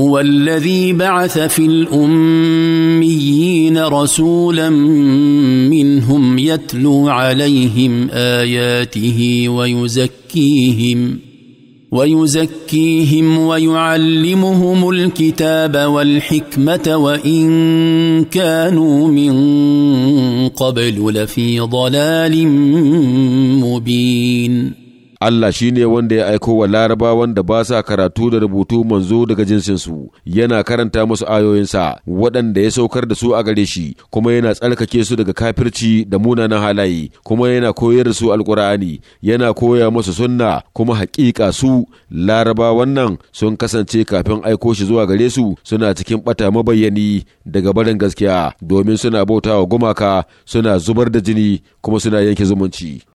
هو الذي بعث في الاميين رسولا منهم يتلو عليهم اياته ويزكيهم ويزكيهم ويعلمهم الكتاب والحكمه وان كانوا من قبل لفي ضلال مبين Allah shi ne wanda ya aiko wa larabawan da ba sa karatu da rubutu manzo daga jinsinsu, yana karanta musu ayoyinsa waɗanda ya saukar da su a gare shi, kuma yana tsarkake su daga kafirci da munanan halaye, kuma yana koyar da su alkur'ani, yana koya musu sunna kuma haƙiƙa su larabawan nan sun kasance kafin aiko shi zuwa gare su suna cikin ɓata mabayyani daga barin gaskiya domin suna bautawa gumaka suna zubar da jini kuma suna yanke zumunci.